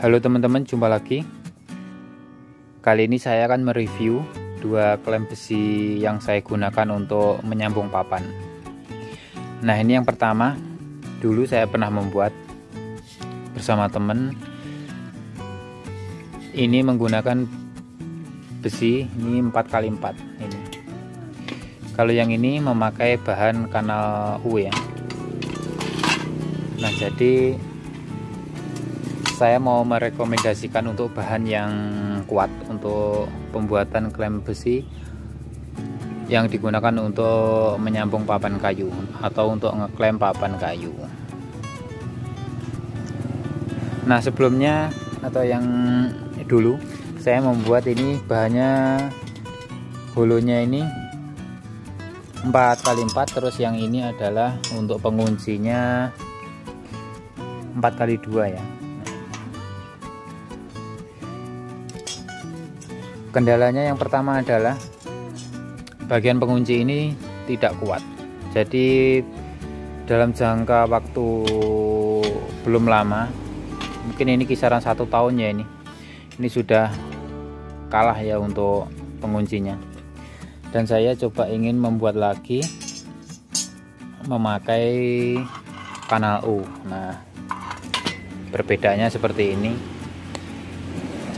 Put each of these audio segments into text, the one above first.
Halo teman-teman, jumpa lagi. Kali ini saya akan mereview dua klem besi yang saya gunakan untuk menyambung papan. Nah, ini yang pertama, dulu saya pernah membuat bersama teman. Ini menggunakan besi ini 4x4 ini. Kalau yang ini memakai bahan kanal U ya. Nah, jadi saya mau merekomendasikan untuk bahan yang kuat untuk pembuatan klem besi yang digunakan untuk menyambung papan kayu atau untuk ngeklaim papan kayu nah sebelumnya atau yang dulu saya membuat ini bahannya hulunya ini 4 kali 4 terus yang ini adalah untuk penguncinya 4 kali 2 ya kendalanya yang pertama adalah bagian pengunci ini tidak kuat jadi dalam jangka waktu belum lama mungkin ini kisaran satu tahun ya ini ini sudah kalah ya untuk penguncinya dan saya coba ingin membuat lagi memakai kanal U nah perbedaannya seperti ini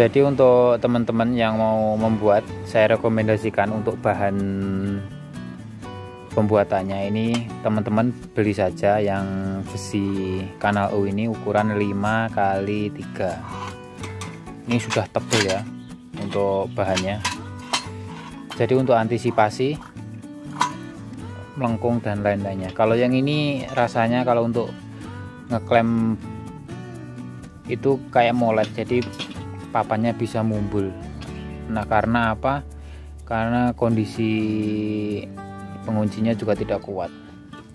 jadi untuk teman-teman yang mau membuat saya rekomendasikan untuk bahan pembuatannya ini teman-teman beli saja yang besi kanal U ini ukuran 5 kali 3 ini sudah tebal ya untuk bahannya jadi untuk antisipasi melengkung dan lain-lainnya kalau yang ini rasanya kalau untuk ngeklaim itu kayak molet jadi papanya bisa mumbul nah karena apa karena kondisi penguncinya juga tidak kuat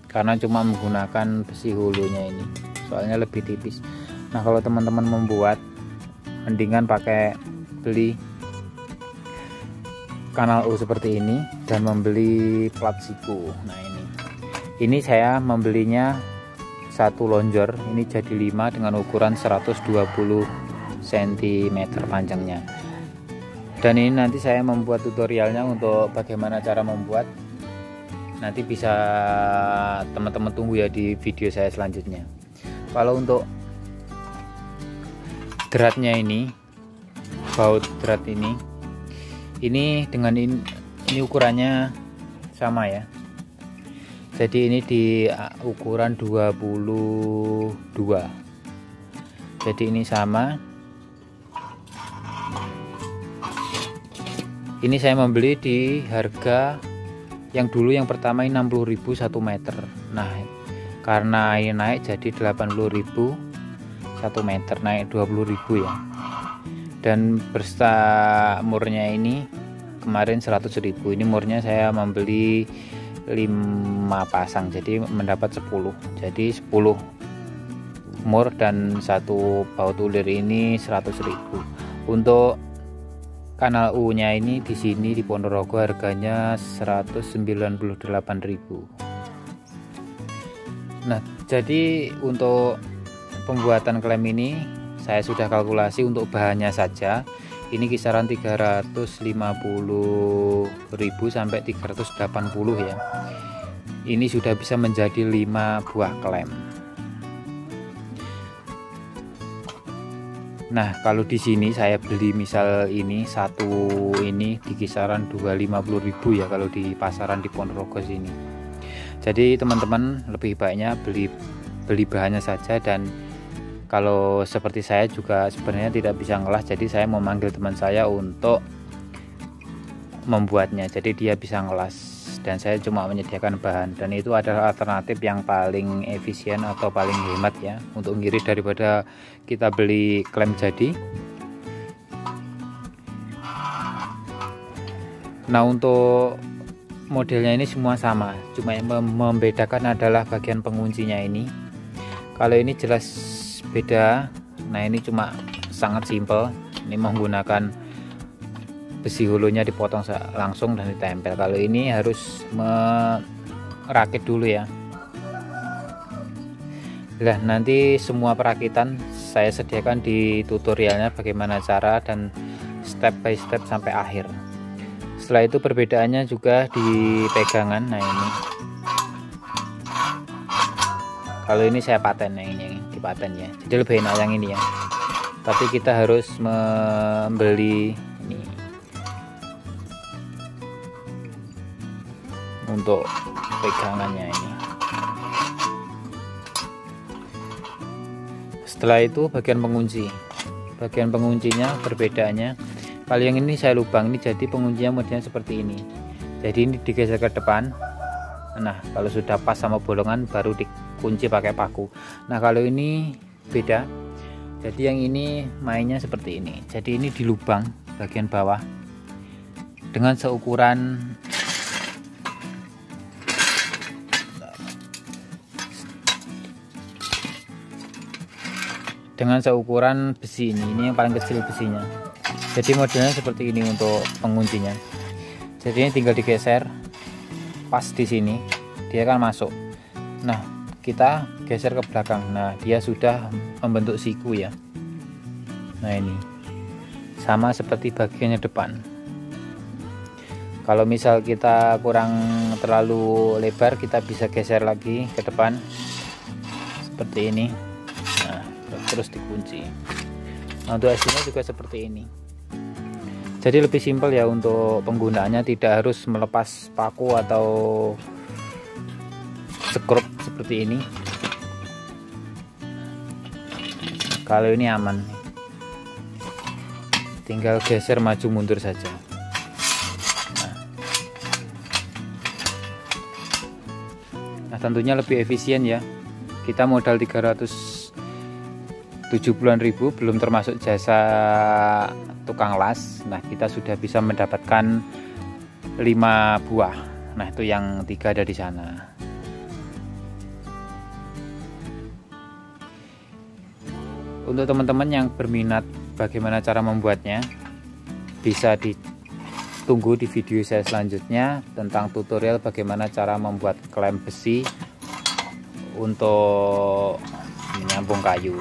karena cuma menggunakan besi hulunya ini soalnya lebih tipis nah kalau teman-teman membuat mendingan pakai beli kanal U seperti ini dan membeli plat siku nah ini ini saya membelinya satu lonjor ini jadi 5 dengan ukuran 120 cm panjangnya dan ini nanti saya membuat tutorialnya untuk bagaimana cara membuat nanti bisa teman-teman tunggu ya di video saya selanjutnya kalau untuk dratnya ini baut drat ini ini dengan ini, ini ukurannya sama ya jadi ini di ukuran 22 jadi ini sama ini saya membeli di harga yang dulu yang pertama ini 60.000 1 meter nah karena ini naik jadi 80.000 1 meter naik 20.000 ya dan bersta murnya ini kemarin 100.000 ini murnya saya membeli 5 pasang jadi mendapat 10 jadi 10 mur dan satu baut ulir ini 100.000 untuk Kanal U-nya ini di sini di Ponorogo harganya 198.000. Nah, jadi untuk pembuatan klaim ini saya sudah kalkulasi untuk bahannya saja. Ini kisaran 350.000 sampai 380 ya. Ini sudah bisa menjadi 5 buah klaim. Nah, kalau di sini saya beli misal ini satu ini di kisaran 250.000 ya kalau di pasaran di Ponorogo sini. Jadi teman-teman lebih baiknya beli beli bahannya saja dan kalau seperti saya juga sebenarnya tidak bisa ngelas jadi saya memanggil teman saya untuk membuatnya jadi dia bisa ngelas dan saya cuma menyediakan bahan dan itu adalah alternatif yang paling efisien atau paling hemat ya untuk ngiris daripada kita beli klem jadi nah untuk modelnya ini semua sama cuma yang membedakan adalah bagian penguncinya ini kalau ini jelas beda nah ini cuma sangat simpel ini menggunakan besi hulunya dipotong langsung dan ditempel kalau ini harus merakit dulu ya lah nanti semua perakitan saya sediakan di tutorialnya bagaimana cara dan step by step sampai akhir setelah itu perbedaannya juga di pegangan nah ini kalau ini saya paten nah, yang ini di paten ya jadi lebih enak yang ini ya tapi kita harus membeli ini untuk pegangannya ini setelah itu bagian pengunci bagian penguncinya perbedaannya kalau yang ini saya lubang ini jadi penguncinya modelnya seperti ini jadi ini digeser ke depan nah kalau sudah pas sama bolongan baru dikunci pakai paku nah kalau ini beda jadi yang ini mainnya seperti ini jadi ini di lubang bagian bawah dengan seukuran dengan seukuran besi ini ini yang paling kecil besinya jadi modelnya seperti ini untuk penguncinya jadi ini tinggal digeser pas di sini dia akan masuk nah kita geser ke belakang nah dia sudah membentuk siku ya nah ini sama seperti bagiannya depan kalau misal kita kurang terlalu lebar kita bisa geser lagi ke depan seperti ini terus dikunci nah, untuk nya juga seperti ini jadi lebih simpel ya untuk penggunaannya tidak harus melepas paku atau sekrup seperti ini kalau ini aman tinggal geser maju mundur saja nah, nah tentunya lebih efisien ya kita modal 300 ribu belum termasuk jasa tukang las. Nah, kita sudah bisa mendapatkan 5 buah. Nah, itu yang tiga ada di sana. Untuk teman-teman yang berminat bagaimana cara membuatnya, bisa ditunggu di video saya selanjutnya tentang tutorial bagaimana cara membuat klem besi untuk menyambung kayu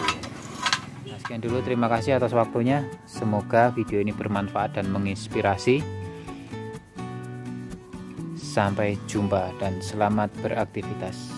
sekian dulu terima kasih atas waktunya semoga video ini bermanfaat dan menginspirasi sampai jumpa dan selamat beraktivitas